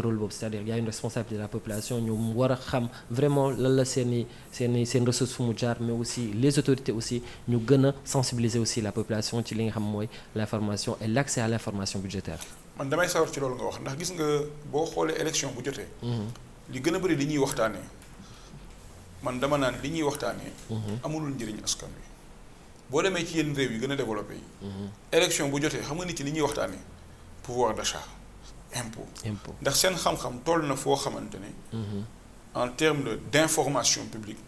rôle boobu c'est-à-dire y a une responsabilité de la population ñoom war a xam vraiment lan la seen i seen i seen ressource fu mu jaar mais aussi les autorités aussi ñu gën a sensibiliser aussi la population ci li nga xam mooy l'information et l'accès à l'information budgétaire man damay sawar ci loolu nga wax ndax gis nga boo xoolee élection bu jotee mhm. li gën a bëri li ñuy waxtaanee man dama naan li ñuy waxtaanee mhm. amulul njëriñ askan wi boo demee ci yenn réew yi gën a développé yi mhm. élection bu jotee xam nga impôt ndax seen xam-xam toll na foo xamante ne mhm. en terme de d'information publique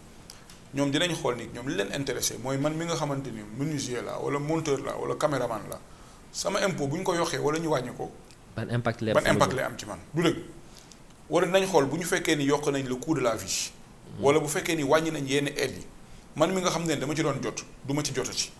ñoom dinañ xool ni ñoom li leen intéressé mooy man mi nga xamante ni menuisier la wala monteur la wala caméraman la sama impôt bu ñu ko yoxee wala ñu wàññi ko ban impact lay am ci man du dëgg wala nañ xool bu ñu fekkee ni yokk nañ le coût de la vie mhm. wala bu fekkee ni wàññi nañ yenn aide yi man mi nga xam ne dama ci doon jot du ma ci jot ci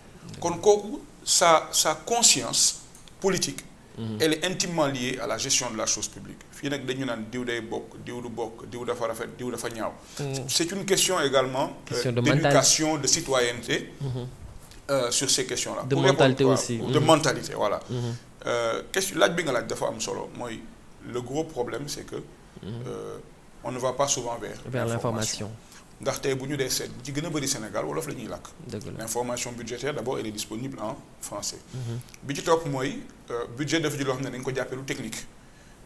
kon kooku sa sa conscience politique Mhm. elle est intimement à la gestion de la chose publique fii nag dañu naan di day bokk diw du bokk diw dafa rafet diw dafa ñaaw mhm. c'est une question également euh, d'éducation de citoyenneté mhm. euh, sur ces questions-là de pour aussi de mentalité voilà euh, question laaj bi nga laaj dafa am solo mooy le gros problème c'est que euh, on ne va pas souvent vers vers ndaxte bu ñu dee seet ci gën a bëri Sénégal wolof la ñuy làkk. l'information budgétaire d'abord elle est disponible en français. Mhm. bi ci topp mooy euh, budget dafa ji loo xam ne dañ ko jàppee lu technique.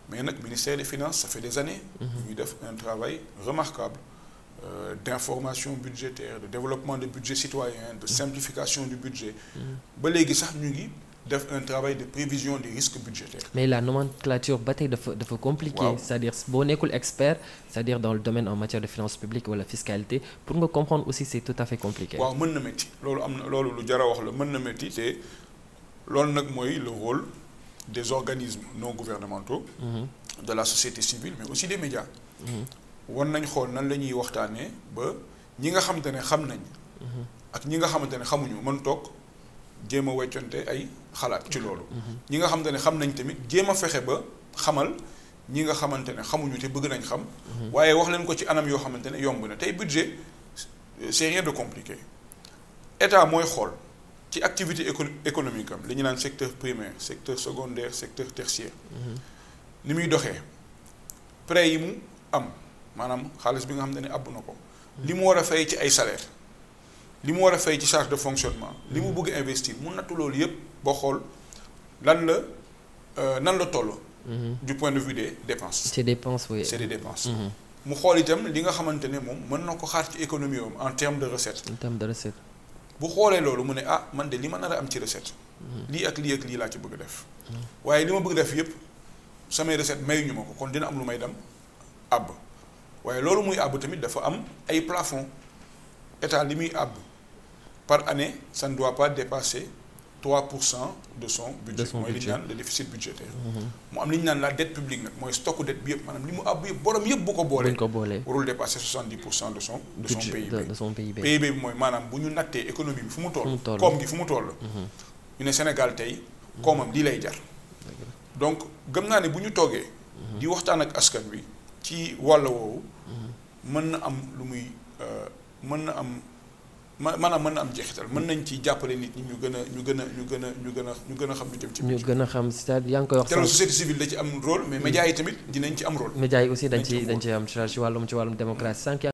mais nag ministère des finance ça fait des années. Mhm. ñuy def un travail remarquable euh, d'information budgétaire de développement de budget citoyen de simplification du budget. Mhm. ba léegi sax ñu ngi. def un travail de prévision des risques budgétaires. mais la nomenclature ba tey dafa dafa compliqué. cest dire boo nekkul expert cest dire dans le domaine en matière de finances publiques wala fiscalité pour nga comprendre aussi c'est tout à fait compliqué. waaw mën na métti loolu am loolu lu jar a la mën na métti te loolu nag mooy le rôle des organismes non gouvernementaux. Mhm. de la société civile mais aussi des médias. Mhm. wan nañ xool nan la ñuy waxtaanee jéem a wecconte ay xalaat ci loolu. ñi nga xamante ni xam nañ tamit jéem a fexe ba xamal ñi nga xamante ne xamuñu te bëgg nañ xam. Mhm. waaye wax leen ko ci anam yoo xamante ne yomb na tey budget c'est rien de compliqué état mooy xool ci activité éco économique am li ñu naan secteur primaire secteur secondaire secteur tertiaire. Mhm. ni muy doxee prêt yi mu am maanaam xaalis bi nga xamante ne àbb na ko. Mhm. li mu war a fay ci ay salaire li mu war a fay ci charge de fonctionnement li mu bëgg investir mu nattu loolu yëpp boo xool lan la euh, nan la toll. Mhm. du point de vue des dépenses. c'est dépenses oui. c'est des dépenses. Mhm. mu xool itam li nga xamante ne moom mën na ko xaar ci économie am en terme de recette. en terme de recette. bu xoolee loolu mu ne ah man de li ma nar a am ci recette. Mhm. lii ak lii ak lii laa ci bëgg def. waaye li ma bëgg def yëpp samay recette mayuñu ma ko kon dina am lu may dem àbb loolu muy àbb tamit dafa am ay plafond. état li muy àbb par année ça ne doit pas dépasser 3 pour cent de son budget mooy li ñu naan le déficit budgétaire mm-hmm. li ñu naan la dette publique nag mooy stock dette bi yëpp maanaam li mu àbb yëpp borom yëpp bu ko boolee warul dépasser 70 pour cent de son de son PIB de son PIB PIB bi mooy maanaam bu ñu nattee économie bi fu mu toll koom gi fu mu toll mm-hmm. ñu ne Sénégal tey mm-hmm. koomam lii lay jar donc gëm naa ne bu ñu toogee di waxtaan ak askan wi ci wàll woowu mën na am lu muy mën na am maanaam mën na am jeexital mën nañ ci jàppale nit ñi ñu gën a ñu gën a ñu gën a ñu gën a ñu gën a ñu gën a xam c'est-à-dire yaa ngi koy wax. te société civile ci am rôle mais médias yi tamit dinañ ci am rôle. médias yi aussi dañ ci dañ ci am ci wàllum ci wàllum démocratie sànq